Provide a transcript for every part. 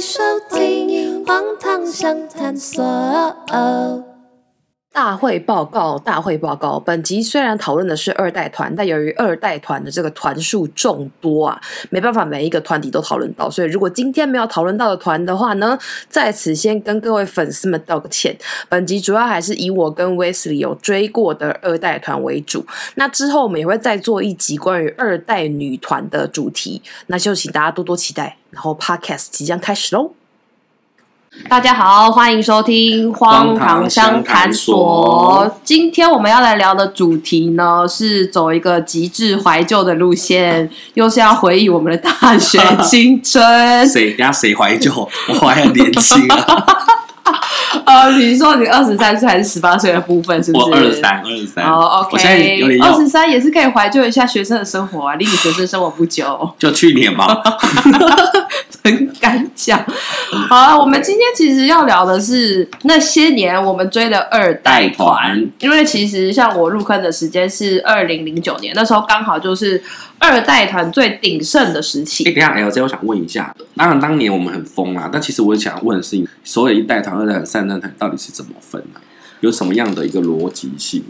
收聽，迎荒唐相談所。大會報告，大會報告。本集雖然討論的是二代團，但由於二代團的這個團數眾多啊，沒辦法每一個團體都討論到。所以如果今天沒有討論到的團的話呢，在此先跟各位粉絲們道個歉。本集主要還是以我跟 Wesley 有追過的二代團為主。那之後我們也會再做一集關於二代女團的主題，那就請大家多多期待。然後，Podcast 即將開始嘍。大家好，歡迎收聽《荒唐相談所》。今天我們要來聊的主題呢，是走一個極致懷舊的路線，又是要回憶我們的大學青春。 誰？人家誰懷舊？ 我還很年輕啊。 啊、 呃，比如說你二十三歲還是十八歲的部分，是不是？二十三，二十三，哦，OK，二十三也是可以懷舊一下學生的生活啊，離你學生生活不久，就去年吧， 很敢講。好 我們今天其實要聊的是那些年我們追的二代團，團因為其實像我入坑的時間是二零零九年，那時候剛好就是。二代團最鼎盛的時期。等下 LJ 我想問一下，當然當年我們很瘋啊，但其實我想問的是，所有一代團、二代團、三代團到底是怎麼分？有什麼樣的一個邏輯性？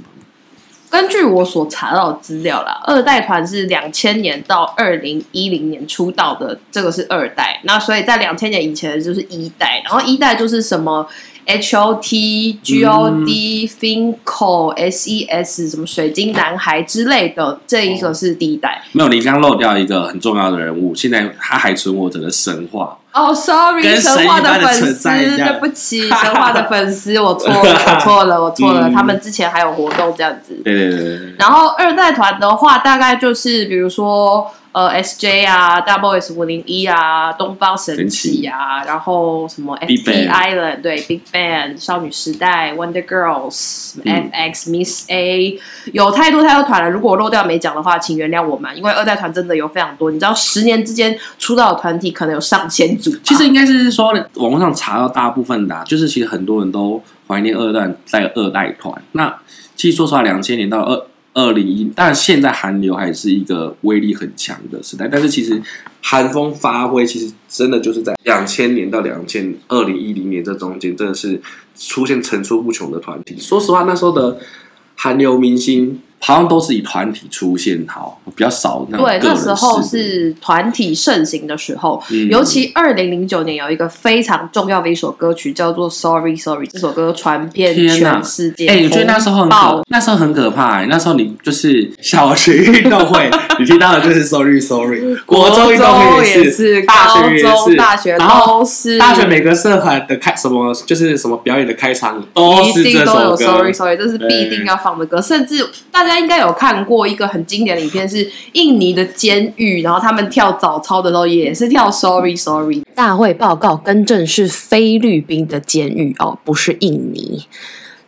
根據我所查到資料啦，二代團是兩千年到二零一零年出道的，這個是二代。那所以在兩千年以前就是一代，然後一代就是什麼？H O T G O D、嗯、Fin.K.L S E S 什麼水晶男孩之類的，哦、這一個是第一代。沒有，你剛漏掉一個很重要的人物，現在他還存活整個神話。哦、oh,，Sorry，神話的粉絲，對不起，神話的粉絲， 我錯，我錯了，我錯了。我錯了 嗯、他們之前還有活動這樣子。對對對,對。然後二代團的話，大概就是比如說。S 呃 SJ、啊 Double S 五零一啊，東方神起啊，氣然後什麼 Island, Big Island 對 Big Bang 少女時代 Wonder Girls、嗯、F X Miss A，有太多太多團了。如果漏掉沒講的話，請原諒我們，因為二代團真的有非常多。你知道十年之間出道的團體可能有上千組。其實應該是說，網絡上查到大部分的、啊，就是其實很多人都懷念二代在二代團。那其實說實話，兩千年到二。二零一，但現在韓流還是一個威力很強的時代，但是其實韓風發揮其實真的就是在兩千年到兩千二零一零年這中間，真的是出現層出不窮的團體。說實話，那時候的韓流明星。好像都是以團體出現，好比較少。對，那時候是團體盛行的時候，尤其二零零九年有一個非常重要的一首歌曲，叫做 Sorry Sorry。這首歌傳遍全世界。哎，我覺得那時候很可那時候很可怕。那時候你就是小學運動會，你聽到的就是 Sorry Sorry；國中運動會是高中，大學然後是大學每個社團的開什麼，就是什麼表演的開場，都是一定都有 Sorry Sorry，這是必定要放的歌，甚至但。大家應該有看過一個很經典的影片，是印尼的監獄，然後他們跳早操的時候也是跳 Sorry，Sorry，Sorry，大會報告更正是菲律賓的監獄哦，不是印尼。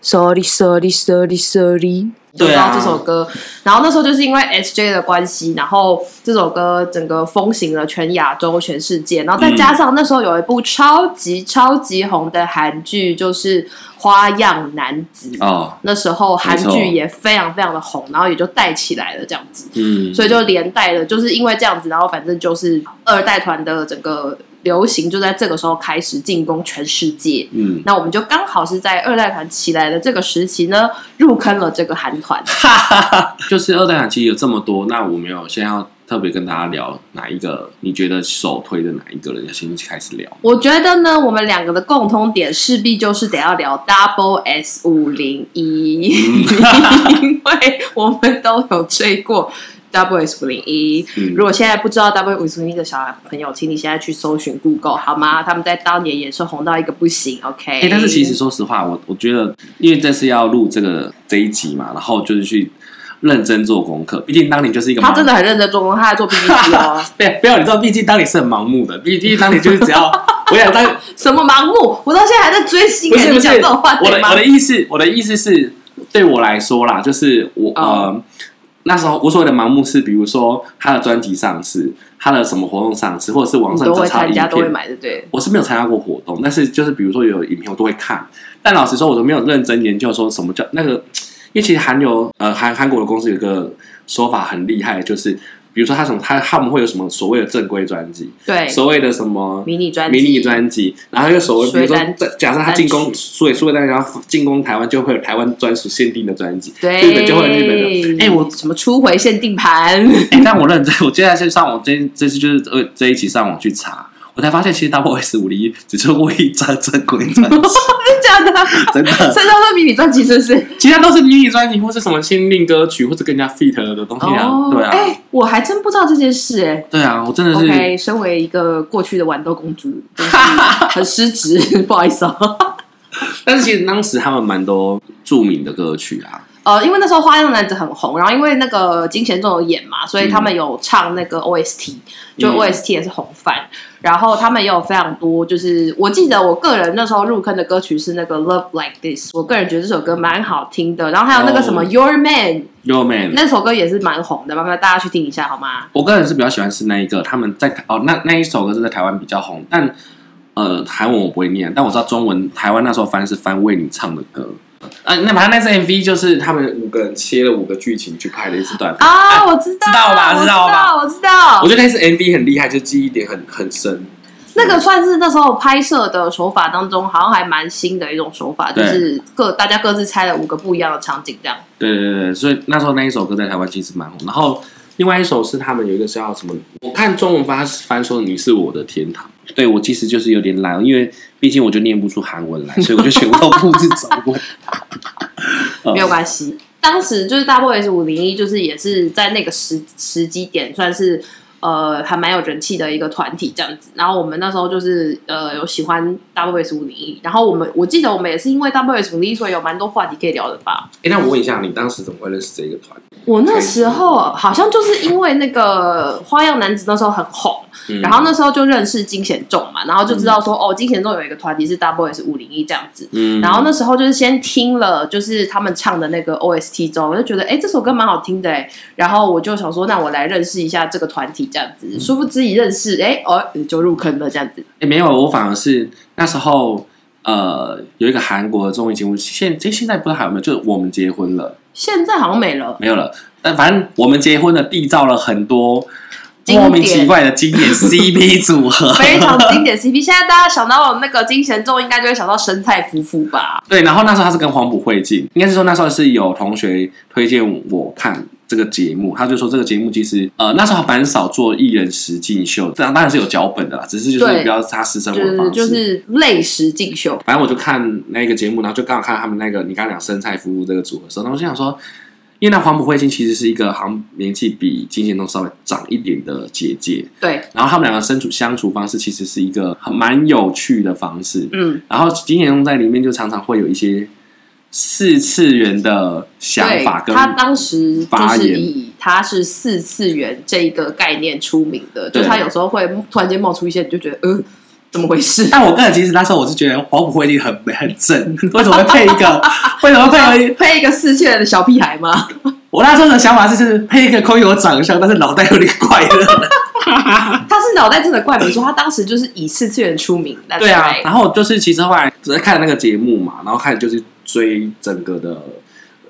Sorry，Sorry，Sorry，Sorry，Sorry，Sorry，Sorry。對，啊這首歌，啊、然後那時候就是因為 SJ 的關係，然後這首歌整個風行了全亞洲、全世界，然後再加上那時候有一部超級超級紅的韓劇，就是《花樣男子》哦，那時候韓劇也非常非常的紅，沒錯，然後也就帶起來了這樣子，嗯，所以就連帶了，就是因為這樣子，然後反正就是二代團的整個。流行就在這個時候開始進攻全世界。嗯，那我們就剛好是在二代團起來的這個時期呢，入坑了這個韓團。 就是二代團其實有這麼多，那我沒有先要特別跟大家聊哪一個？你覺得首推的哪一個人要先開始聊？我覺得呢，我們兩個的共通點勢必就是得要聊 Double S 501， 因為我們都有追過。Double S 五零一，如果現在不知道 Double S 五零一的小朋友，嗯、請你現在去搜尋 Google 好嗎？他們在當年也是紅到一個不行，OK、欸。但是其實說實話，我我覺得，因為這是要錄這個這一集嘛，然後就是去認真做功課。畢竟當年就是一個，他真的很認真做功課，他在做筆記哦。不不要你知道，畢竟當年是很盲目的，畢竟當年就是只要 我要當年什麼盲目，我到現在還在追星，不是講這種話題我的我的意思,嗎我的意思，我的意思是，對我來說啦，就是我、oh. 呃。那時候，無所謂的盲目是，比如說他的專輯上市，他的什麼活動上市，或者是網上找他的影片。我是沒有參加過活動，但是就是比如說有影片，我都會看。但老實說，我都沒有認真研究說什麼叫那個，因為其實韓流，呃，韓韓國的公司有個說法很厲害，就是。比如說，他從他他們會有什麼所謂的正規專輯？對，所謂的什麼迷你專迷你專輯？然後又所謂，比如說，假設他進攻，曲所以所謂大家，進攻台灣就會有台灣專屬限定的專輯，對，日本就會有日本的。哎、欸我，我什麼初回限定盤？哎、欸，但我認真，我接下來先上網這這次就是呃這一期上網去查，我才發現其實 Double S 501只出過一張正規專輯。 真的，這都是迷你專輯，是不是？其他都是迷你專輯，或是什麼新令歌曲，或者更加 fit 的東西啊？Oh, 對啊，哎、欸，我還真不知道這件事、欸，哎，對啊，我真的是，okay, 身為一個過去的豌豆公主，很失職， 不好意思哦、喔，但是其實當時他們蠻多著名的歌曲啊。呃，因為那時候花樣的男子很紅，然後因為那個金賢重有演嘛，所以他們有唱那個 OST，就 OST 也是紅翻。嗯、然後他們也有非常多，就是我記得我個人那時候入坑的歌曲是那個 Love Like This，我個人覺得這首歌蠻好聽的。然後還有那個什麼 Your Man，Your Man, Your Man 那首歌也是蠻紅的，麻煩大家去聽一下好嗎？我個人是比較喜歡是那一個，他們在哦，那那一首歌是在台灣比較紅，但呃，韓文我不會念，但我知道中文台灣那時候翻是翻為你唱的歌。呃、啊，那把那次 MV 就是他們五個人切了五個劇情去拍的一次短片啊，我知道，知道吧？知道吧？我知道。我覺得那次 MV 很厲害，就記憶點很很深。那個算是那時候拍攝的手法當中，好像還蠻新的一種手法，對就是各大家各自拆了五個不一樣的場景，這樣。對對對，所以那時候那一首歌在台灣其實蠻紅，然後。另外一首是他們有一個叫什麼？我看中文翻翻說，你是我的天堂，對，我其實就是有點懶，因為畢竟我就念不出韓文來， 所以我就全部複製走。 沒有關係，當時就是 Double S 五零一，就是也是在那個時時機點算是。呃，還蠻有人氣的一個團體這樣子。然後我們那時候就是呃，有喜歡 Double S 五零一。然後我們我記得我們也是因為 Double S 五零一，所以有蠻多話題可以聊的吧？哎、欸，那我問一下，你當時怎麼會認識這個團？我那時候好像就是因為那個花樣男子那時候很紅，嗯、然後那時候就認識金賢重嘛，然後就知道說、嗯、哦，金賢重有一個團體是 Double S 五零一這樣子。然後那時候就是先聽了就是他們唱的那個 O S T 中，我就覺得哎、欸、這首歌蠻好聽的哎。然後我就想說，那我來認識一下這個團體。這樣子，殊不知已認識，哎、嗯、欸，哦，就入坑了，這樣子。哎、欸，沒有，我反而是那時候，呃，有一個韓國的綜藝節目，現現現在不知道還有沒有，就是《我們結婚了》，現在好像沒了，沒有了。但反正《我們結婚了》締造了很多。莫名其妙的經典 CP 組合， 非常經典 CP。現在大家想到那個金賢重，應該就會想到生菜夫婦吧？對，然後那時候他是跟黃埔會進，應該是說那時候是有同學推薦我看這個節目，他就說這個節目其、就、實、是，呃，那時候很少做藝人實境秀，這樣當然是有腳本的啦，只是就是比較他私生活方式，就是類、就是、實境秀。反正我就看那個節目，然後就剛好看他們那個你剛講生菜夫婦這個組合的時候，然後我就想說。因為那黃埔慧心其實是一個好像年紀比金賢東稍微長一點的姐姐，對。然後他們兩個相處相處方式其實是一個很蠻有趣的方式，嗯。然後金賢東在裡面就常常會有一些四次元的想法跟，跟他當時就是以他是四次元這一個概念出名的，對就他有時候會突然間冒出一些，就覺得嗯。呃怎麼回事？但我個人其實那時候我是覺得黃埔威力很很正，為什麼會配一個？ 為什麼會配一, okay, 一配一個四次元的小屁孩嗎？我那時候的想法是，就是配一個空有長相，但是腦袋有點怪的。 他是腦袋真的怪，比如說他當時就是以四次元出名。 對啊，然後就是其實後來只是看了那個節目嘛，然後看就是追整個的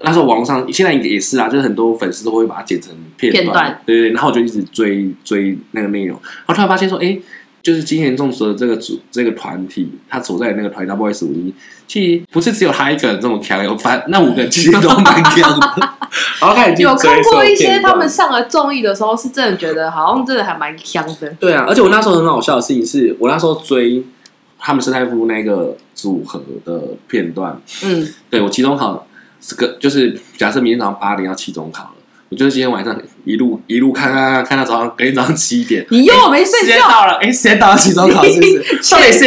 那時候網上現在也是啊，就是很多粉絲都會把它剪成片段，片段對，對，對，然後我就一直追追那個內容，然後突然發現說，哎、欸。就是金賢重說的這個組，這個團體，他所在的那個團 SS501，其實不是只有他一個人這麼強，有反那五個人其實都蠻強。的。 okay, 有看過一些他們上了綜藝的時候，是真的覺得好像真的還蠻強的。對啊，而且我那時候很好笑的事情是，我那時候追他們是泰夫那個組合的片段嗯。嗯，對我期中考這個，就是假設明天早上八點要期中考了，我覺得今天晚上。一路一路看看，看到早上，隔天早上七點，你又沒睡覺。哎、欸，時間到了，起床考試，是少年是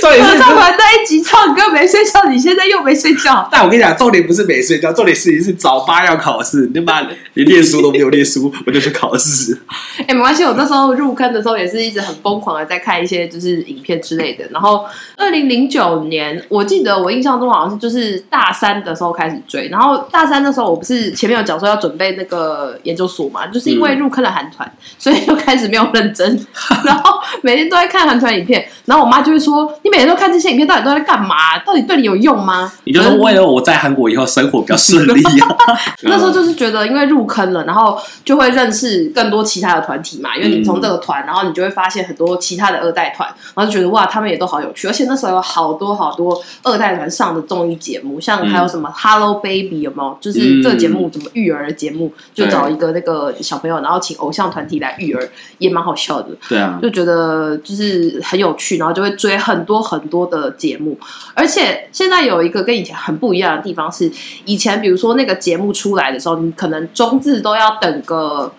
昨在一集唱歌沒睡覺，你現在又沒睡覺。但我跟你講，重點不是沒睡覺，重點是你是早八要考試，你媽你念書，都沒有念書， 我就去考試。哎、欸，沒關係，我那時候入坑的時候也是一直很瘋狂的在看一些就是影片之類的。然後二零零九年，我記得我印象中好像是就是大三的時候開始追，然後大三的時候我不是前面有講說要準備那個研究所，嗯、就是因為入坑了韓團，所以就開始沒有認真，然後每天都在看韓團影片，然後我媽就會說：“你每天都看這些影片，到底都在幹嘛、啊？到底對你有用嗎？”你就是為了我在韓國以後生活比較順利、啊。嗯、 那時候就是覺得，因為入坑了，然後就會認識更多其他的團體嘛。因為你從這個團，然後你就會發現很多其他的二代團，然後就覺得哇，他們也都好有趣。而且那時候有好多好多二代團上的綜藝節目，像還有什麼《Hello Baby》有沒有？就是這個節目怎麼育兒的節目，就找一個那個。呃，小朋友，然後請偶像團體來育兒，也蠻好笑的。對啊，就覺得就是很有趣，然後就會追很多很多的節目。而且現在有一個跟以前很不一樣的地方是，以前比如說那個節目出來的時候，你可能中字都要等個。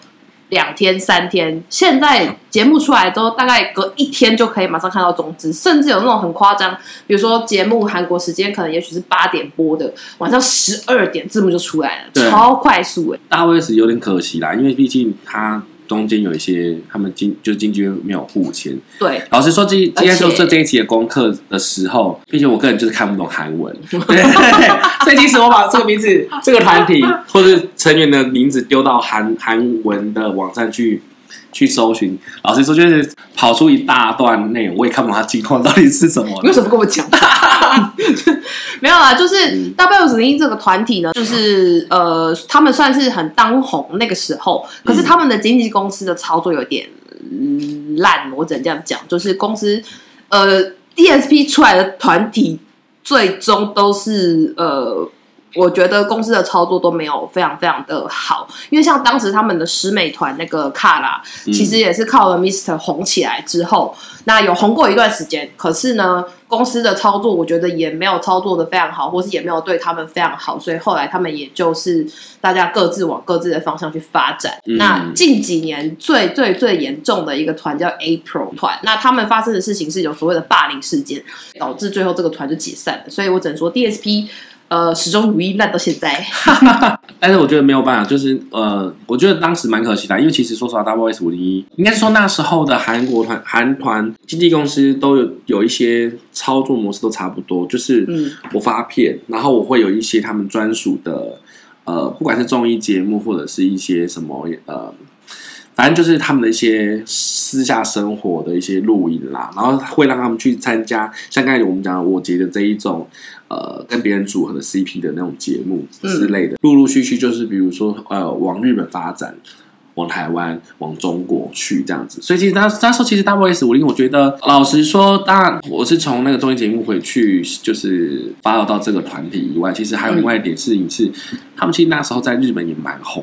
兩天三天，現在節目出來之後，大概隔一天就可以馬上看到種子，甚至有那種很誇張，比如說節目韓國時間可能也許是八點播的，晚上十二點字幕就出來了，啊、超快速哎、欸。大衛是有點可惜啦，因為畢竟他。中間有一些他們就經就是經紀人沒有付錢。對，老實說，今今天就做這一期的功課的時候，畢竟我個人就是看不懂韓文。對，對，對， 所以即使我把這個名字， 這個團體或者成員的名字丟到韓韓文的網站去。去搜尋，老實說就是跑出一大段內容，我也看不懂他情況到底是什麼。為什麼跟我講？哈哈哈哈 沒有啊，就是 S、嗯、 SS501 這個團體呢，就是呃，他們算是很當紅那個時候，可是他們的經紀公司的操作有點、嗯、爛，我只能這樣講，就是公司呃 DSP 出來的團體，最終都是呃。我覺得公司的操作都沒有非常非常的好，因為像當時他們的十美團那個卡拉、嗯，其實也是靠了 Mr. 紅起來之後，那有紅過一段時間。可是呢，公司的操作我覺得也沒有操作得非常好，或是也沒有對他們非常好，所以後來他們也就是大家各自往各自的方向去發展。嗯、那近幾年最最最嚴重的一個團叫 April 團，那他們發生的事情是有所謂的霸凌事件，導致最後這個團就解散了。所以我只能說 DSP。呃，始終如一爛到現在， 但是我覺得沒有辦法，就是呃，我覺得當時蠻可惜的，因為其實說實話，W S 五零一應該是說那時候的韓國團韓團經紀公司都有有一些操作模式都差不多，就是我發片，嗯、然後我會有一些他們專屬的呃，不管是綜藝節目或者是一些什麼呃。反正就是他們的一些私下生活的一些錄影啦，然後會讓他們去參加，像剛才我們講的，我覺得這一種呃，跟別人組合的 CP 的那種節目之類的，陸陸、嗯、續續就是，比如說呃，往日本發展，往台灣，往中國去這樣子。所以其實他那，那時候其實 double S 五零，我覺得老實說，當然我是從那個綜藝節目回去，就是發酵到這個團體以外，其實還有另外一點事情是，嗯、他們其實那時候在日本也蠻紅。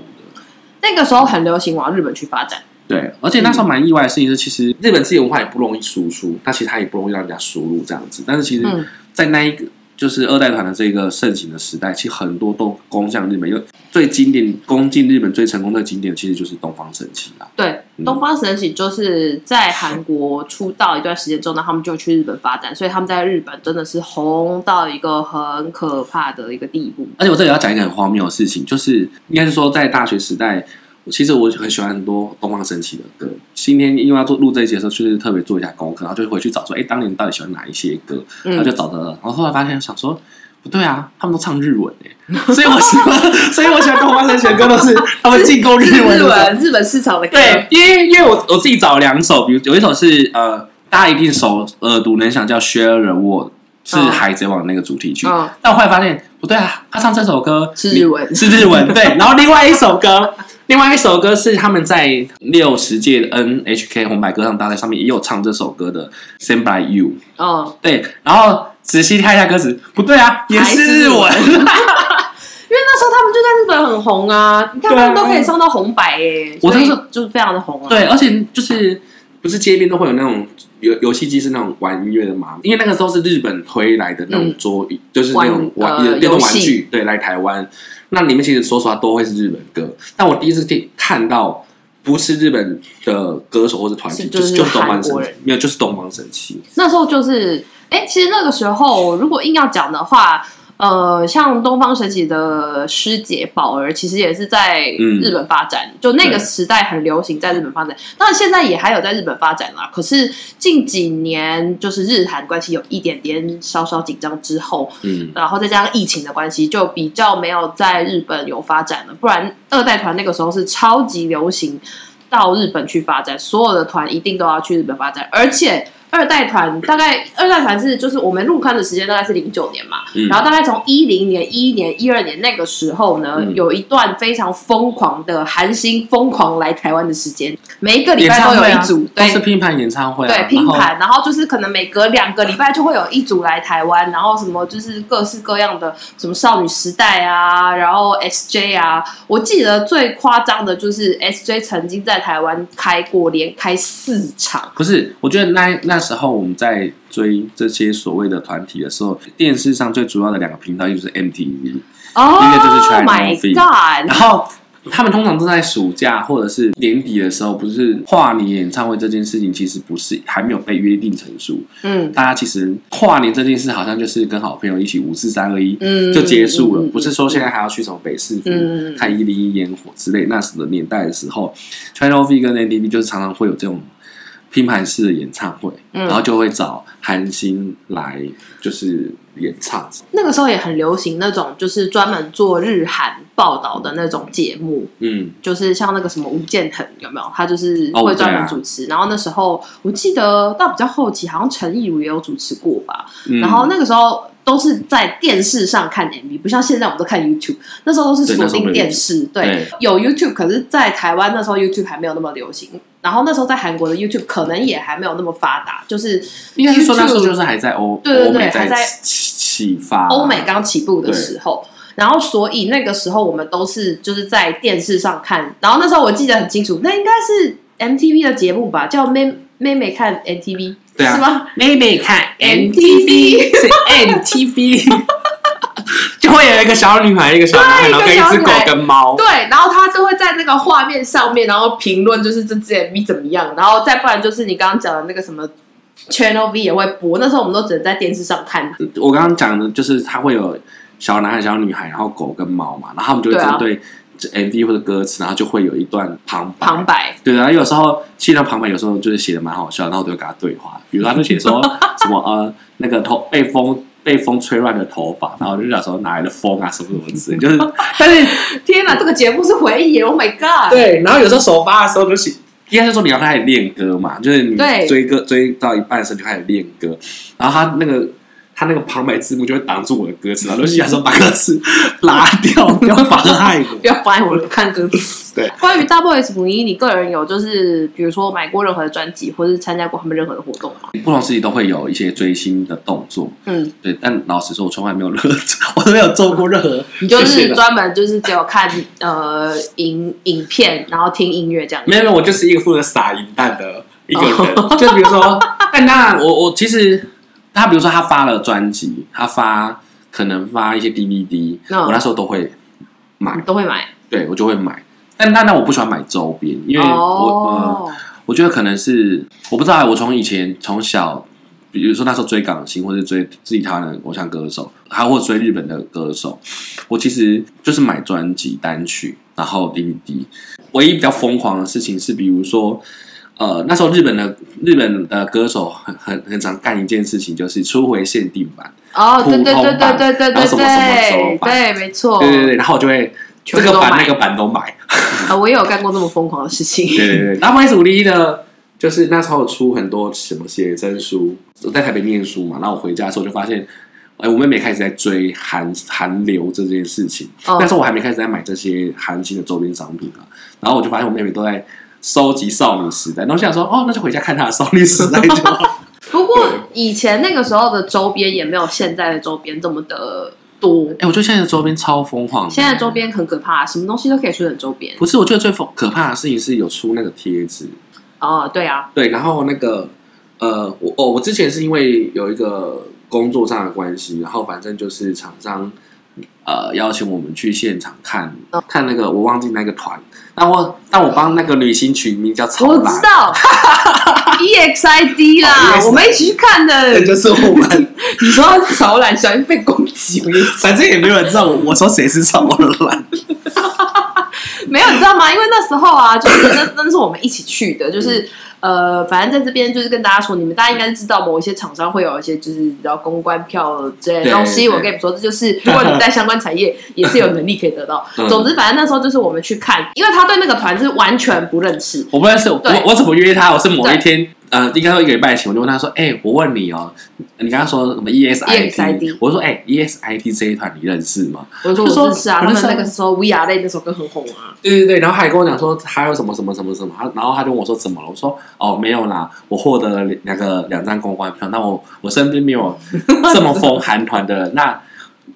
那個時候很流行往日本去發展。對，而且那時候蠻意外的事情是，其實日本自由文化也不容易輸出，但其實它也不容易讓人家輸入這樣子。但是其實，在那一個。就是二代團的這個盛行的時代，其實很多都攻向日本。因為最經典，攻進日本最成功的經典，其實就是東方神起啦、啊。對，嗯、東方神起就是在韓國出道一段時間之後呢，後他們就去日本發展，所以他們在日本真的是紅到一個很可怕的一個地步。而且我這裡要講一個很荒謬的事情，就是應該是說在大學時代。其實我很喜歡很多東方神起的歌。今天因為要做錄這一節的時候，去、就是、特別做一下功課，然後就回去找說哎、欸，當年到底喜歡哪一些歌？嗯、然後就找到了。然後後來發現，想說不對啊，他們都唱日文誒，所以我喜歡， 所以我喜歡東方神起的歌都是 他們進攻日文、日本日本市場的歌。對，因為因為我我自己找了兩首，比如有一首是呃，大家一定熟、耳、呃、熟能詳，叫《Share the World》，是海賊王的那個主題曲。哦、但我後來發現。不對啊，他唱這首歌是日文，是日文。對，然後另外一首歌， 另外一首歌是他們在六十屆 NHK 紅白歌唱大賽上面也有唱這首歌的《Stand By U》。哦，對，然後仔細看一下歌詞，不對啊，也是日文。日文 因為那時候他們就在日本很紅啊，你看他們都可以唱到紅白耶，我當時就是非常的紅啊。對，而且就是不是街邊都會有那種。遊遊戲機是那種玩音樂的嘛，因為那個時候是日本推來的那種桌、椅，嗯，就是那種玩電動玩，玩具，對，來台灣。那裡面其實說實話都會是日本歌，但我第一次聽看到不是日本的歌手或者團體，是就是、就是、就是東方神，沒有就是東方神起。那時候就是，哎、欸，其實那個時候如果硬要講的話。呃，像東方神起的師姐寶兒，其實也是在日本發展。嗯、就那個時代很流行在日本發展，但對現在也還有在日本發展啦。可是近幾年，就是日韓關係有一點點稍稍緊張之後，嗯，然後再加上疫情的關係，就比較沒有在日本有發展了。不然，二代團那個時候是超級流行到日本去發展，所有的團一定都要去日本發展，而且。二代團大概二代團是就是我們入坑的時間大概是零九年嘛，嗯、然後大概從一零年、一一年、一二年那個時候呢，嗯、有一段非常瘋狂的韓星瘋狂來台灣的時間，每一個禮拜都有一組，一組對都是拼盤演唱會、啊，對，後拼盤，然後就是可能每隔兩個禮拜就會有一組來台灣，然後什麼就是各式各樣的什麼少女時代啊，然後 S J 啊，我記得最誇張的就是 S J 曾經在台灣開過連開四場，不是，我覺得那那。時候我們在追這些所謂的團體的時候，電視上最主要的兩個頻道就是 MTV，一個就是 Channel V，oh my God。然後他們通常都在暑假或者是年底的時候，不是跨年演唱會這件事情其實不是還沒有被約定成熟。嗯，大家其實跨年這件事好像就是跟好朋友一起五四三二一，嗯，就結束了，嗯，嗯，不是說現在還要去什麼北市，嗯，看一零一煙火之類。那時的年代的時候，Channel V 跟 MTV 就是常常會有這種。拼盤式的演唱會，嗯、然後就會找韓星來就是演唱。那個時候也很流行那種，就是專門做日韓報道的那種節目。嗯，就是像那個什麼吳建恆有沒有？他就是會專門主持。哦、啊、然後那時候我記得到比較後期，好像陳藝如也有主持過吧。嗯、然後那個時候都是在電視上看 MV，不像現在我們都看 YouTube。那時候都是鎖定電視，對，對對有 YouTube，可是在台灣那時候 YouTube 還沒有那麼流行。然後那時候在韓國的 YouTube 可能也還沒有那麼發達，就是 YouTube，應該是說那時候就是還在歐對對對歐美在起還在啟發歐美剛起步的時候，對然後所以那個時候我們都是就是在電視上看，對然後那時候我記得很清楚，那應該是 MTV 的節目吧，叫妹妹妹看 MTV 對啊，是嗎？妹妹看 MTV 是 MTV。 會有一個小女孩，一個小男孩，小小孩然後跟一隻狗跟貓。對，然後他就會在那個畫面上面，然後評論就是這只 MV 怎麼樣，然後再不然就是你剛剛講的那個什麼 Channel V 也會播。那時候我們都只能在電視上看。我剛剛講的，就是他會有小男孩、小女孩，然後狗跟貓嘛，然後他們就會針對這 MV 或者歌詞，然後就會有一段旁白旁白。對，然後有時候雖然旁白有時候就是寫的蠻好笑，然後我就會跟他對話。比如他就寫說什麼 呃，那個頭被封。被風吹亂的頭髮，然後我就想說哪來的風啊，什麼什麼之類，就是，但是 天哪，這個節目是回憶，Oh my god！對，然後有時候首發的時候就是應該是說你要開始練歌嘛，就是你追歌對追到一半的時候就開始練歌，然後他那個。他那個旁白字幕就會擋住我的歌詞啊，羅西亞說把歌詞拉掉， 不要妨礙我， 不要妨礙我的看歌詞。對，關於 Double S 501，你個人有就是比如說買過任何的專輯，或是參加過他們任何的活動嗎？不同時期都會有一些追星的動作，嗯，對。但老實說，我從來沒有任何，我都沒有做過任何謝謝。你就是專門就是只有看呃影影片，然後聽音樂這樣。沒有沒有，我就是一個負責撒銀彈的一個人。哦、就比如說，那 我我其實。他比如說他，他發了專輯，他發可能發一些 DVD，No，我那時候都會買，都會買。對，我就會買。但但但我不喜歡買周邊，因為我、oh. 呃，我覺得可能是我不知道。我從以前從小，比如說那時候追港星，或者追自己他的偶像歌手，還會追日本的歌手。我其實就是買專輯、單曲，然後 DVD。唯一比較瘋狂的事情是，比如說。呃，那時候日本的日本的歌手很很很常幹一件事情，就是出回限定版、哦、oh，對對，對對對對對對對，然後什麼什麼周邊對，沒錯，對對對，然後我就會這個版那個版都買。啊 ，oh, 我也有幹過這麼瘋狂的事情。對對對，SS 五零一呢，就是那時候出很多什麼寫真書，我在台北念書嘛，然後我回家的時候就發現，哎，我妹妹開始在追韓韓流這件事情，oh. 那時候我還沒開始在買這些韓星的周邊商品啊，然後我就發現我妹妹都在。收集少女時代，然後就想說哦，那就回家看她的少女時代。 不過以前那個時候的周邊也沒有現在的周邊這麼的多。哎、欸，我覺得現在的周邊超瘋狂的，現在的周邊很可怕、啊，什麼東西都可以出的周邊。不是，我覺得最可可怕的事情是有出那個貼紙、嗯。哦，對啊，對，然後那個呃，我哦，我之前是因為有一個工作上的關係，然後反正就是廠商。呃，邀請我們去現場看看那個，我忘記那個團。但我但我幫那個旅行群名叫曹嵐，我知道 ，EXID 啦，哦、我們一起去看的，就是我們。 你說曹嵐小心被攻擊， 反正也沒有人知道我，我說誰是曹嵐。 沒有，你知道嗎？因為那時候啊，就是 真真是我們一起去的，就是。嗯呃，反正在這邊就是跟大家說，你們大家應該知道某一些廠商會有一些就是比較、就是、公關票之類的東西。我跟你們說，這就是如果你們在相關產業， 也是有能力可以得到。嗯、總之，反正那時候就是我們去看，因為他對那個團是完全不認識。我不認識，對我我怎麼約他？我是某一天。呃，應該說一個禮拜前，我就問他說：“哎、欸，我問你哦，你剛剛說什麼 EXID？我說：哎、欸、EXID 這一團你認識嗎？我說：我認識啊，因為那個時候 V R 那那首歌很紅啊。對對對，然後還跟我講說還有什麼什麼什麼什麼，然後他就問我說怎麼了？我說：哦，沒有啦，我獲得了兩個兩張公關票，那我我身邊沒有這麼瘋韓團的人 那。”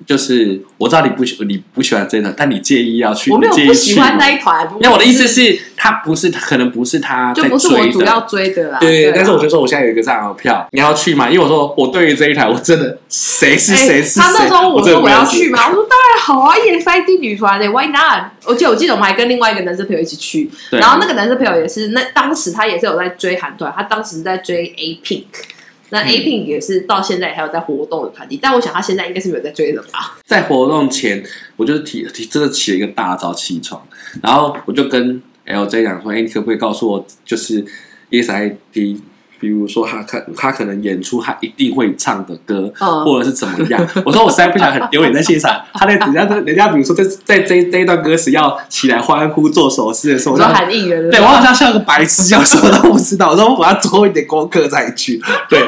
就是我知道你不你不喜歡這一團但你介意要去？我沒有不喜歡那一團。那我的意思是，他不是可能不是他就不是我主要追的啦。對,對對。對啊、但是我就說，我現在有一個這樣的票，你要去嗎？因為我說，我對於這一台，我真的誰是誰是誰、欸。他那時候我說我要去嗎？我, 我說當然好啊，因為翻女團的、欸、，Why not？而且我記得我,記得我們還跟另外一個男生朋友一起去，對然後那個男生朋友也是那當時他也是有在追韓團，他當時在追 A Pink。那 Apink 也是到現在還有在活動的團體，嗯、但我想他現在應該是沒有在追了吧。在活動前，我就提提，真的起了一個大早起床，然後我就跟 L J 講說：“哎、欸，你可不可以告訴我，就是 S I D。比如說他，他可他可能演出他一定會唱的歌，哦、或者是怎麼樣？我說我實在不想很丟臉、啊、在現場。啊、他在人家在人家，人家比如說在在這，這一段歌詞要起來歡呼做手勢的時候，我喊應援。對我好像像個白痴，叫什麼都不知道。 我說我要做一點功課再去。對，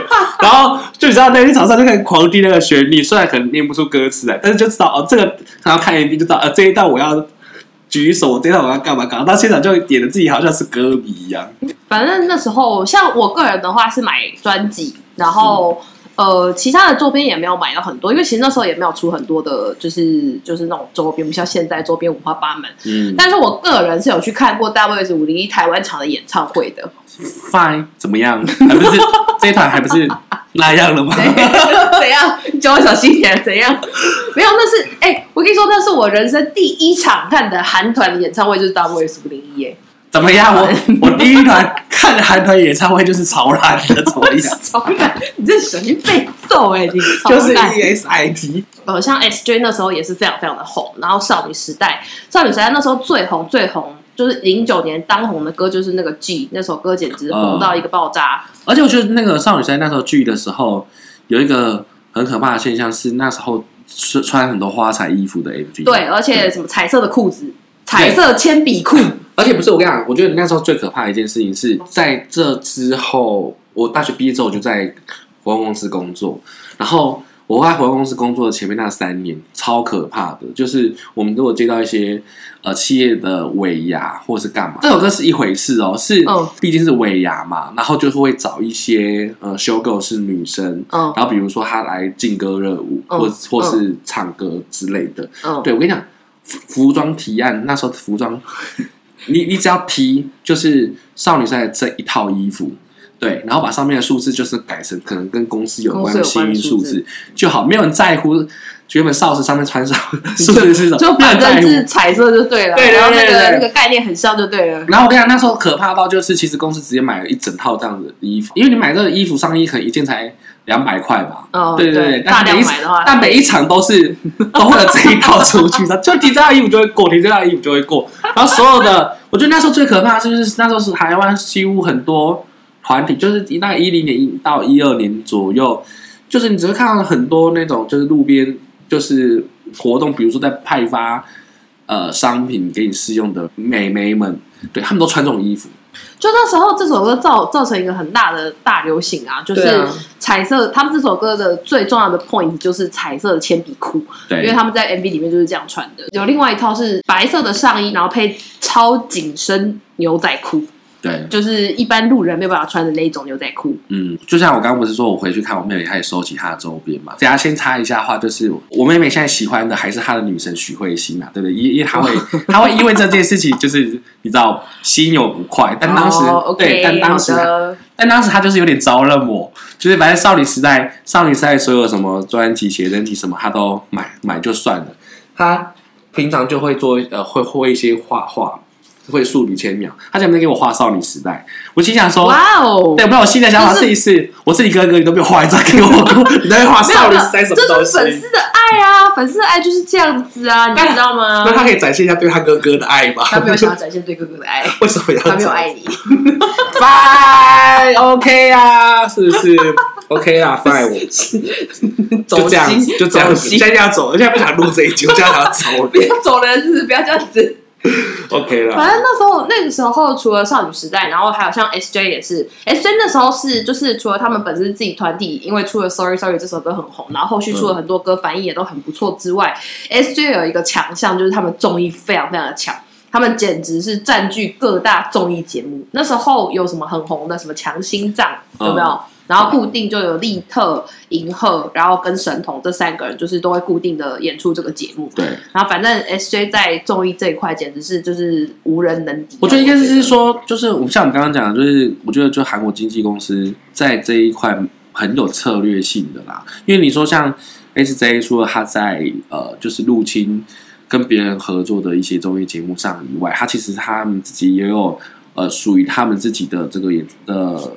然後就你知道那天早上就開始狂聽那個旋律，雖然可能念不出歌詞來，但是就知道哦這個，他要看眼睛就知道呃這一段我要。舉手，我對他我要幹嘛幹嘛，到現場就演的自己好像是歌迷一樣。反正那時候，像我個人的話是買專輯，然後。呃，其他的周邊也沒有買到很多，因為其實那時候也沒有出很多的，就是就是那種周邊，不像現在周邊五花八門。嗯，但是我個人是有去看過 W S 五零一台灣場的演唱會的。Fine，怎麼樣？還不是 這一團還不是那樣了嗎、欸？怎樣？你叫我小心點？怎樣？沒有，那是哎、欸，我跟你說，那是我人生第一場看的韓團的演唱會，就是 W S 五零一欸怎麼樣？我我第一團看韓團演唱會就是超爛。的，怎麼意思超爛？你這小心被揍哎、欸！你就是 ESID 呃，像 SJ 那時候也是非常非常的紅，然後少女時代，少女時代那時候最紅最紅就是零九年當紅的歌就是那個 G，那首歌簡直紅到一個爆炸、呃。而且我覺得那個少女時代那時候 G 的時候，有一個很可怕的現象是那時候是穿很多花彩衣服的 MV，對，而且什麼彩色的褲子、對彩色鉛筆褲。而且不是，我跟你講，我覺得那時候最可怕的一件事情是，在這之後，我大學畢業之後就在活動公司工作。然後我在活動公司工作的前面那三年超可怕的，就是我們如果接到一些呃企業的尾牙，或是幹嘛，這首歌是一回事哦、喔，是畢竟是尾牙嘛，然後就是會找一些呃 Showgirl 式女生，然後比如說她來勁歌熱舞，或是或是唱歌之類的。對我跟你講，服裝提案那時候服裝。 你你只要提，就是少女在這一套衣服，對，然後把上面的數字就是改成可能跟公司有關的幸運數字就好，沒有人在乎原本少時上面穿什麼就數字是什麼，就反正是彩色就對了。對，對，然後那個那個概念很像就對了。然後我跟你講，那時候可怕到就是，其實公司直接買了一整套這樣的衣服，因為你買這個衣服上衣可能一件才兩百塊吧，oh, 對對對，對每一大量百的話，但每一場都是都會有這一套出去的， 就你這套衣服就會過，你這套衣服就會過。然後所有的， 我覺得那時候最可怕的是，就是那時候是台灣幾乎很多團體，就是大概一零年到一二年左右，就是你只會看到很多那種就是路邊就是活動，比如說在派發呃商品給你試用的美眉們，對，他們都穿這種衣服。就那時候，這首歌造造成一個很大的大流行啊！就是彩色，啊、他們這首歌的最重要的 point 就是彩色的鉛筆褲，對因為他們在 MV 裡面就是這樣穿的。有另外一套是白色的上衣，然後配超緊身牛仔褲。對，就是一般路人沒有辦法穿的那一種牛仔褲。嗯，就像我剛剛不是說，我回去看我妹妹，她也收集她的周邊嘛。等下先插一下話，就是我妹妹現在喜歡的還是她的女神許慧欣嘛、啊，對不對？因因為她會，哦、她會因為這件事情，就是 你知道心有不快。但當時、哦、對，okay, 但當時，的但當時她就是有點招認我，就是反正少女時代，少女時代所有什麼專輯、寫真集什麼，她都買買就算了。她平常就會做呃，會會一些畫畫。會數以千秒，他現在沒給我畫少女時代？我心想說：哇哦，對，我沒有想想，我現在想試一試。我自己哥哥你都沒有畫一張給我， 你在畫少女時代什麼東西？粉絲的愛啊，粉絲的愛就是這樣子啊，你知道嗎？那他可以展現一下對他哥哥的愛吧？他沒有想要展現對哥哥的愛，為什麼他沒有愛你，fine，OK、okay、啊，是不是？OK 啊，fine，我就，就這樣子，就這樣，現在要走，我現在不想錄這一集，我現在想要走， 不要走人是，不要這樣子。 OK 啦，反正那時候，那個時候除了少女時代，然後還有像 SJ 也是，SJ 那時候是就是除了他們本身自己團體，因為出了 Sorry Sorry 這首歌很紅，然後後續出了很多歌，嗯、反應也都很不錯之外，SJ 有一個強項就是他們綜藝非常非常的強，他們簡直是佔據各大綜藝節目。那時候有什麼很紅的？什麼強心臟、嗯、有沒有？然後固定就有利特、銀赫，然後跟神童這三個人，就是都會固定的演出這個節目，對。然後反正 S J 在綜藝這一塊簡直是就是無人能敵啊。我覺得應該是說，就是我像我們剛剛講的，就是我覺得就韓國經紀公司在這一塊很有策略性的啦。因為你說像 S J 除了他在呃就是入侵跟別人合作的一些綜藝節目上以外，他其實他們自己也有呃屬於他們自己的這個演出的。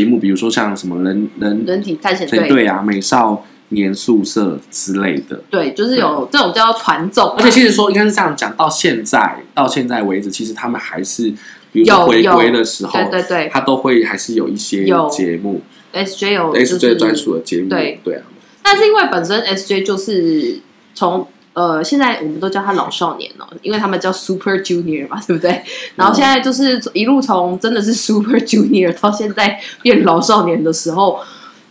節目，比如說像什麼人人人體探險隊對啊，美少年宿舍之類的，對，就是有對這種叫團綜啊。而且其實說應該是這樣講，到現在到現在為止，其實他們還是，比如說回歸的時候，對，對對，他都會還是有一些節目，S, 有 S,，SJ 有，就是，S, SJ 專屬的節目，對，對啊，但是因為本身 SJ 就是從。呃，現在我們都叫他老少年哦、喔，是因為他們叫 Super Junior 嘛，對不對？然後現在就是一路從真的是 Super Junior 到現在變老少年的時候，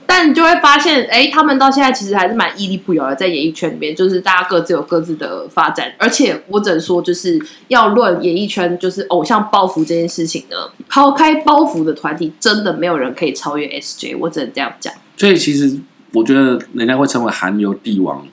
但你就會發現，哎、欸，他們到現在其實還是蠻屹立不搖的，在演藝圈裡面，就是大家各自有各自的發展。而且我只能說，就是要論演藝圈，就是偶像包袱這件事情呢，拋開包袱的團體，真的沒有人可以超越 SJ。我只能這樣講。所以其實我覺得人家會成為韓流帝王。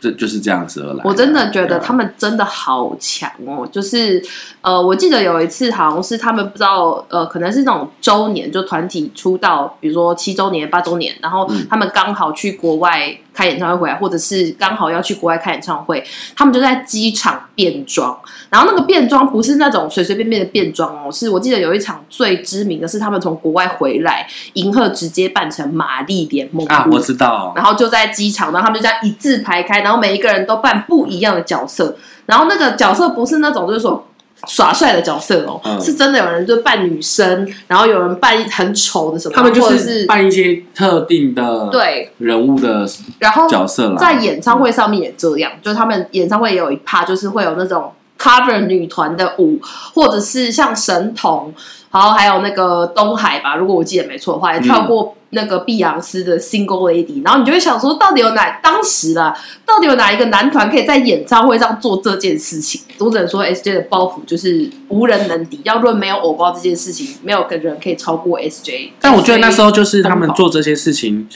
這就是這樣子而來。我真的覺得他們真的好強哦！啊、就是，呃，我記得有一次好像是他們不知道，呃，可能是那種周年，就團體出道，比如說七周年、八周年，然後他們剛好去國外。開演唱會回來或者是剛好要去國外開演唱會，他們就在機場變裝。然後那個變裝不是那種隨隨便便的變裝哦，是我記得有一場最知名的是他們從國外回來，銀赫直接扮成瑪麗蓮夢露。啊，我知道哦。然後就在機場，然後他們就這樣一字排開，然後每一個人都扮不一樣的角色。然後那個角色不是那種，就是說。耍帥的角色哦，嗯、是真的有人就扮女生，然後有人扮很醜的什麼，他們就是扮一些特定的對人物的然後角色嘛，在演唱會上面也這樣，嗯、就是他們演唱會也有一趴，就是會有那種 cover 女團的舞，或者是像神童。好，還有那個東海吧，如果我記得沒錯的話，也跳過那個碧昂斯的 Single Lady，、嗯、然後你就會想說，到底有哪當時啦？到底有哪一個男團可以在演唱會上做這件事情？總只能說 SJ 的包袱就是無人能敵。要論沒有偶包這件事情，沒有個人可以超過 SJ。但我覺得那時候就是他們做這些事情。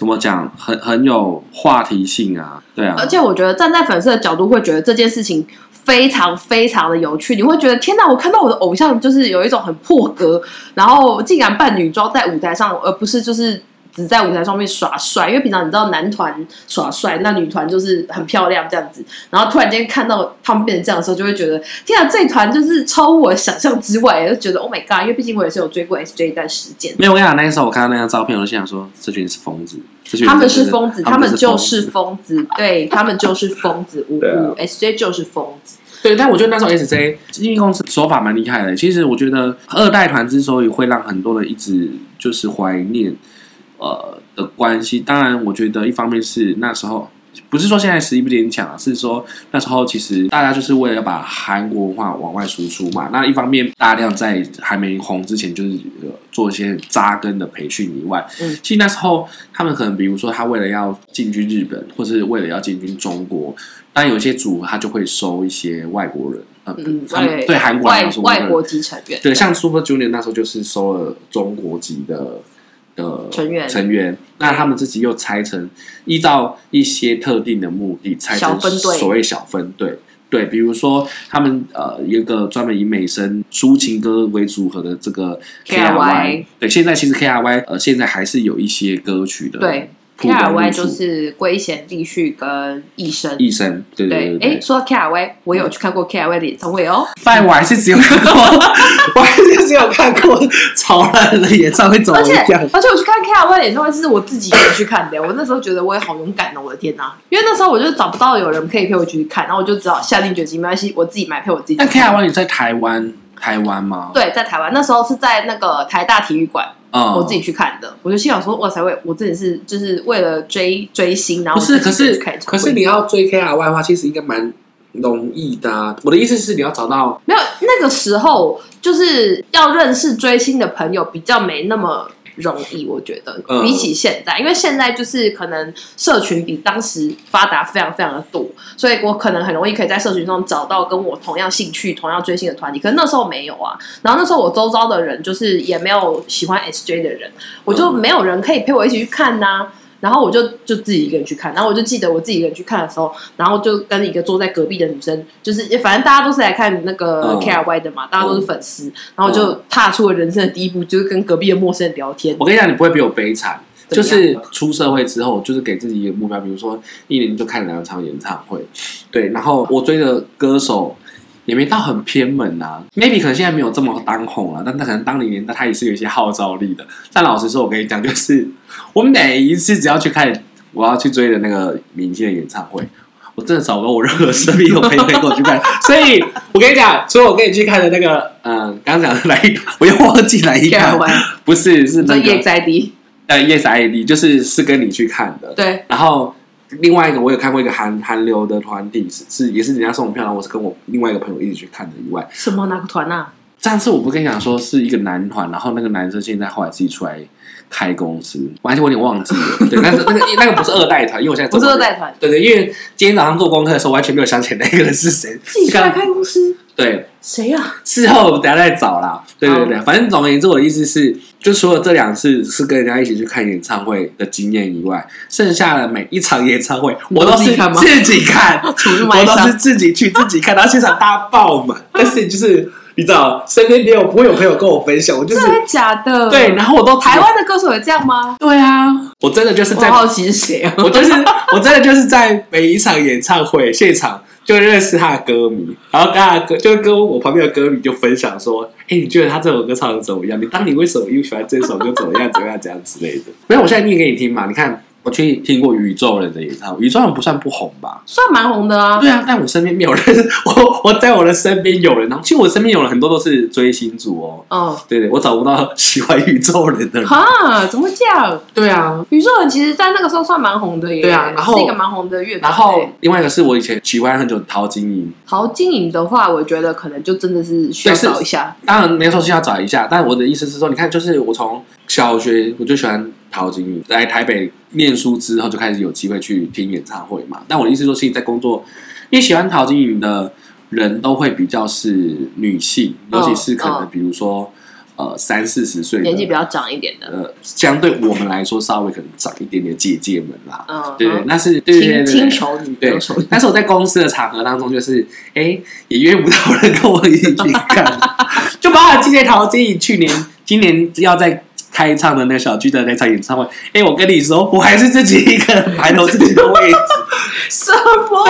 怎麼講，很很有話題性啊，對啊，而且我覺得站在粉絲的角度會覺得這件事情非常非常的有趣，你會覺得天哪，我看到我的偶像就是有一種很破格，然後竟然扮女裝在舞台上，而不是就是。只在舞台上面耍帥，因為平常你知道男團耍帥，那女團就是很漂亮這樣子。然後突然間看到他們變成這樣的時候，就會覺得天啊，這團就是超乎我想象之外，就覺得 Oh my god！因為畢竟我也是有追過 SJ 一段時間。沒有，我跟你講，那個時候我看到那張照片，我就想說，這群是瘋子，這他們是瘋子，他們就是瘋子，嗚嗚對他、啊、們就是瘋子，嗚嗚，SJ 就是瘋子。對，但我覺得那時候 SJ 經紀公司手法蠻厲害的。其實我覺得二代團之所以會讓很多人一直就是懷念。呃的關係，當然，我覺得一方面是那時候，不是說現在實力不點強啊，是說那時候其實大家就是為了要把韓國文化往外輸出嘛。那一方面大量在還沒紅之前，就是、呃、做一些扎根的培訓以外，嗯，其實那時候他們可能比如說他為了要進軍日本，或是為了要進軍中國，但有些組合他就會收一些外國人，呃、嗯，他們對韓對國人、那個、外國籍成員，對，對像 Super Junior 那時候就是收了中國籍的。嗯呃，成員成員，那他們自己又拆成，依照一些特定的目的拆成所謂小分隊，對，比如說他們呃，一個專門以美聲抒情歌為組合的這個 KRY，對，現在其實 KRY 呃，現在還是有一些歌曲的，對。K R Y 就是圭賢、厲旭跟藝聲。藝聲。對對,對,對,對。哎、欸，說到 K R Y，我有去看過 K R Y 的演唱會哦、喔。嗯、但我還是只有看過， 我還是只有看過草蜢的演唱會走的。而且，而且我去看 K R Y 演唱會，是我自己也去看的。我那時候覺得我也好勇敢哦，我的天吶！因為那時候我就找不到有人可以陪我去看，然後我就只好下定決心，沒關係，我自己買票，我自己。那 K R Y 你在台灣？台灣嗎？對，在台灣。那時候是在那個台大體育館。Uh, 我自己去看的，我就心想說：“哇塞，喂，我自己是就是為了追追星，然後不是，可是可是你要追 KRY 的話，其實應該蠻容易的啊。我的意思是，你要找到沒有那個時候，就是要認識追星的朋友，比較沒那麼。”容易，我覺得比起現在，因為現在就是可能社群比當時發達非常非常的多，所以我可能很容易可以在社群中找到跟我同樣興趣、同樣追星的團體，可是那時候沒有啊。然後那時候我周遭的人就是也沒有喜歡 SJ 的人，我就沒有人可以陪我一起去看啊。然後我就就自己一個人去看，然後我就記得我自己一個人去看的時候，然後就跟一個坐在隔壁的女生，就是反正大家都是來看那個 KRY 的嘛，嗯，大家都是粉絲，然後就踏出了人生的第一步，就是跟隔壁的陌生人聊天，嗯嗯。我跟你講，你不會比我悲慘，就是出社會之後，就是給自己一個目標，比如說一年就看兩場演唱會，對，然後我追的歌手。也沒到很偏門吶、啊，maybe 可能現在沒有這麼當紅了，啊，但他可能當年他他也是有一些號召力的。但老實說，我跟你講，就是我每一次只要去看我要去追的那個明星的演唱會，我真的找不到我任何身邊我可以陪我去看。 所以我跟你講，除了我跟你去看的那個，嗯、呃，剛講的來，我又忘記來一個不是，是那個。Yes ID。呃，Yes ID 就是是跟你去看的。對。然後。另外一個，我有看過一個韓韓流的團體是是也是人家送我票，然後我是跟我另外一個朋友一起去看的以外。什麼哪個團吶、啊？上次我不跟你講說是一個男團，然後那個男生現在後來自己出來開公司，完全我還是有點忘記了。 對，但是那個 那個不是二代團，因為我現在不是二代團。對，對對，因為今天早上做功課的時候我完全沒有想起來那個人是誰，自己出來開公司。對，誰呀、啊？事後我們等下再找啦。對對對，反正總而言之，我的意思是，就除了這兩次是跟人家一起去看演唱會的經驗以外，剩下的每一場演唱會，我都是自己看，看我都是自己去自己看，然後現場大爆滿。但是就是你知道，身邊也有不會有朋友跟我分享，我就是真的假的？對，然後我都台灣的歌手有這樣嗎？對啊，我真的就是在好奇是誰， 我就是我真的就是在每一場演唱會現場。就認識他的歌迷，然後跟他的歌，就跟我旁邊的歌迷就分享說：“哎、欸，你覺得他這首歌唱的怎麼樣？你當你為什麼又喜歡這首歌？怎麼樣？ 怎麼樣？怎樣之類的？沒有，我現在念給你聽嘛，你看。”我去聽過宇宙人的演唱會，宇宙人不算不紅吧？算蠻紅的啊。對啊，但我身邊沒有人，我我在我的身邊有人呢。然後其實我身邊有人很多都是追星族哦。嗯，對，對，我找不到喜歡宇宙人的人。啊？怎麼講？對啊，嗯、宇宙人其實在那個時候算蠻紅的耶，也對啊，然後是一個蠻紅的樂團。然後另外一個是我以前喜歡很久陶晶瑩。陶晶瑩的話，我覺得可能就真的是需要是找一下。當然沒錯是要找一下，但我的意思是說，你看，就是我從小學我就喜歡。陶晶瑩在台北念書之後，就開始有機會去聽演唱會嘛。但我的意思是說，其實在工作，因為喜歡陶晶瑩的人都會比較是女性，oh, 尤其是可能比如說，oh. 呃，三四十歲年紀比較長一點的，呃，相對我們來說稍微可能長一點點姐姐們啦。嗯，oh. 對，那是，嗯、對，對，對對對，女，對，但是我在公司的場合當中，就是哎，欸、也約不到人跟我一起去看， 就把我記得陶晶瑩去年，今年要在。開唱的那小巨的那場演唱會，哎，我跟你說，我還是自己一個人排到自己的位置。 什麼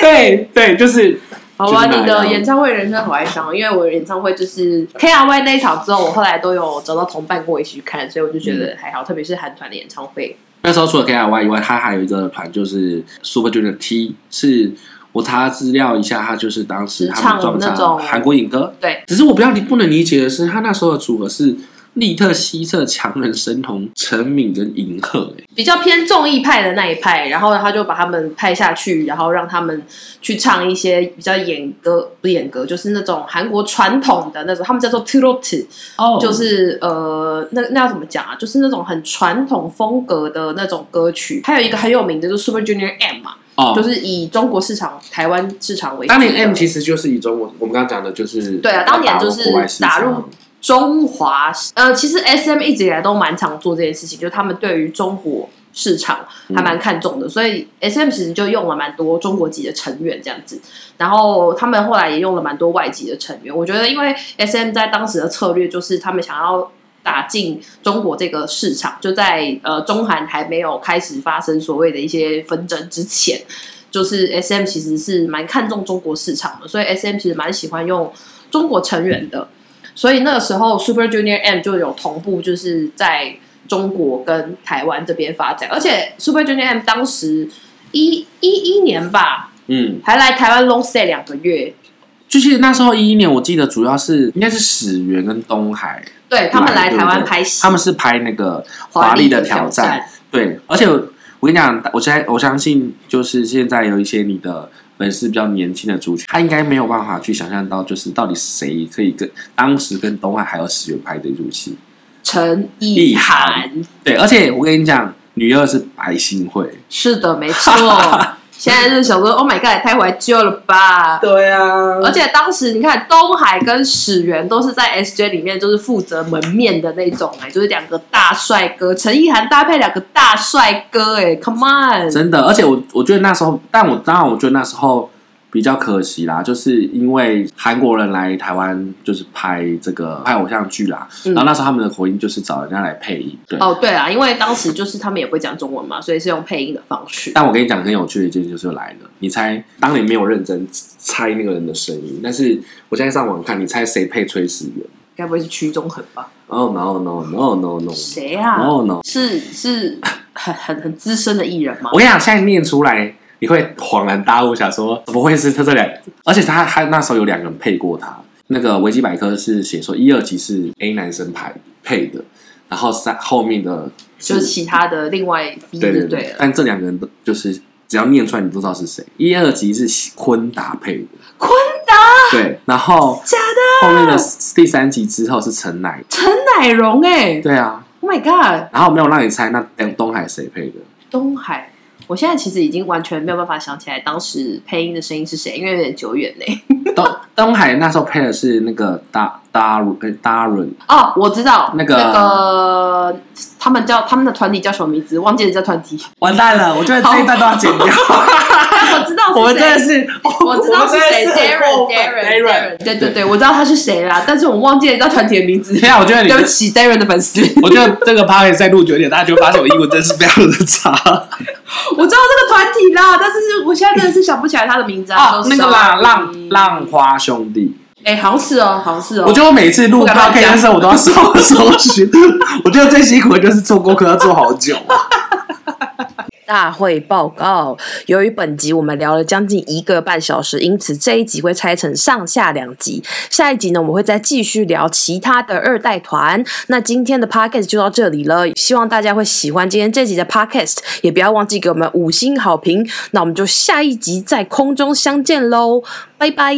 對？對對對，就是。好吧、oh，你的演唱會人生很哀傷，因為我演唱會就是 K R Y 那一場之後，我後來都有找到同伴跟我一起去看，所以我就覺得還好，嗯、特別是韓團的演唱會。那時候除了 K R Y 以外，他還有一個團就是 Super Junior T，是我查資料一下，他就是當時唱那種韓國影歌。對，只是我不要你不能理解的是，他那時候的組合是。利特、希澈、強仁、神童、晟敏跟銀赫、欸，比較偏綜藝派的那一派，然後他就把他們派下去，然後讓他們去唱一些比較演歌不演歌，就是那種韓國傳統的那種，他們叫做 trot，哦，oh. 就是呃，那那要怎麼講啊？就是那種很傳統風格的那種歌曲。還有一個很有名的，就是 Super Junior M 嘛，oh. 就是以中國市場、台灣市場為主。當年 M 其實就是以中國，我們剛剛講的就是，是對啊，當年就是打入。中華，呃，其實 S M 一直以來都蠻常做這件事情，就是他們對於中國市場還蠻看重的，嗯、所以 S M 其實就用了蠻多中國籍的成員這樣子。然後他們後來也用了蠻多外籍的成員。我覺得，因為 S M 在當時的策略就是他們想要打進中國這個市場，就在呃中韓還沒有開始發生所謂的一些紛爭之前，就是 S M 其實是蠻看重中國市場的，所以 S M 其實蠻喜歡用中國成員的。嗯。所以那個時候，Super Junior M 就有同步，就是在中國跟台灣這邊發展。而且，Super Junior M 當時一一一年吧，嗯，還來台灣 long stay 兩個月。就是那時候一一年，我記得主要是應該是始源跟東海，對，對他們來台灣拍戲。對他們是拍那個《華麗的挑戰》戰。對，而且我，我跟你講，我現在我相信，就是現在有一些你的。本是比較年輕的族群，他應該沒有辦法去想象到，就是到底誰可以跟當時跟東海還有始源拍的入戲，陳意涵，涵。對，而且我跟你講，女二是白歆惠，是的，沒錯。 現在就是想說，Oh my God，太懷舊了吧！對啊，而且當時你看，東海跟始源都是在 SJ 裡面，就是負責門面的那種啊、欸，就是兩個大帥哥，陳意涵搭配兩個大帥哥、欸，哎，Come on，真的，而且我我覺得那時候，但我當然我覺得那時候。比較可惜啦，就是因為韓國人來台灣就是拍這個拍偶像劇啦，嗯、然後那時候他們的口音就是找人家來配音，對。哦，對啊，因為當時就是他們也會講中文嘛，所以是用配音的方式。但我跟你講很有趣的一件事就是來了，你猜，當你沒有認真猜那個人的聲音，但是我現在上網看，你猜誰配崔始源？該不會是屈中恆吧？哦，no，no，no，no，no，no，誰啊？哦，no，no，是是很很很資深的藝人嘛。我跟你講，現在念出來。你會恍然大悟，想說怎麼會是他這兩個？而且他他那時候有兩個人配過他。那個維基百科是寫說一、二集是 A 男生牌配的，然後三後面的，就是，就是其他的另外一對了，對對對。但這兩個人都就是只要念出來，你都知道是誰。一、二集是坤達配的，坤達，對，然後假的後面的第三集之後是陳乃陳乃榮哎，欸，對啊，Oh my god！然後沒有讓你猜，那東海誰配的？東海。我現在其實已經完全沒有辦法想起來當時配音的聲音是誰，因為有點久遠嘞。東東海那時候配的是那個大 Darren，哦，我知道那個那個，他們叫他們的團體叫什麼名字？忘記了叫團體，完蛋了！我覺得這一半都要剪掉。我知道，我真的是，我知道是誰，Darren，Darren，Darren。對對對，我知道他是誰啦，但是我忘記了叫團體的名字。天啊，我覺得對不起 Darren 的粉絲，我覺得這個 party 再錄久一點，大家就發現我英文真是非常的差。我知道這個團體啦，但是我現在真的是想不起來他的名字啊。那個啦，浪浪花兄弟。哎，好像是哦，好像是哦。我覺得我每次錄到 o d c 我都要收收心。 我覺得最辛苦的就是做功課要做好久。大會報告，由於本集我們聊了將近一個半小時，因此這一集會拆成上下兩集。下一集呢，我們會再繼續聊其他的二代團。那今天的 podcast 就到這裡了，希望大家會喜歡今天這集的 podcast，也不要忘記給我們五星好評。那我們就下一集在空中相見嘍，拜拜。